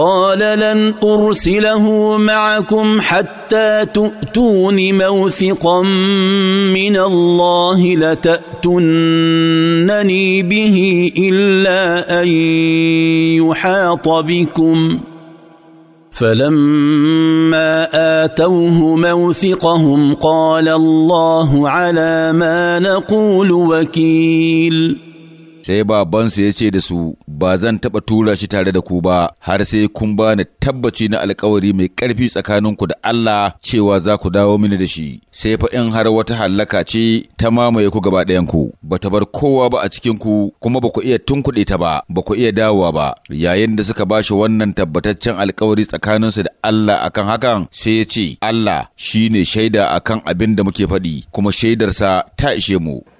قال لن ارسله معكم حتى تؤتون موثقا من الله لتاتونني به الا ان يحاط بكم فلما اتوه موثقهم قال الله على ما نقول وكيل sai babansa ya ce da su ba zan taɓa tura shi tare da ku ba har sai kun ba ni tabbaci na alkawari mai ƙarfi tsakaninku da Allah cewa za ku dawo mini da shi sai fa in har wata hallaka ce ta mamaye ku gaba ɗayanku ba ta bar kowa ba a cikin ku kuma ba ku iya tunkuɗe ta ba ba ku iya dawowa ba yayin da suka bashi wannan tabbataccen alkawari tsakaninsu da Allah akan hakan sai ya ce Allah shine shaida akan abin da muke faɗi kuma shaidarsa ta ishe mu